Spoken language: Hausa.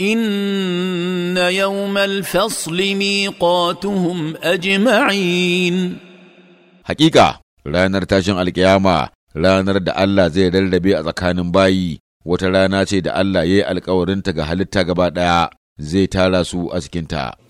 ان يوم الفصل ميقاتهم اجمعين حقيقه ranar tashin alkiyama ranar da Allah zai rarrabe a tsakanin bayi wata rana ce da Allah ya yi alkawarinta ga halitta gaba ɗaya zai tara su a cikinta.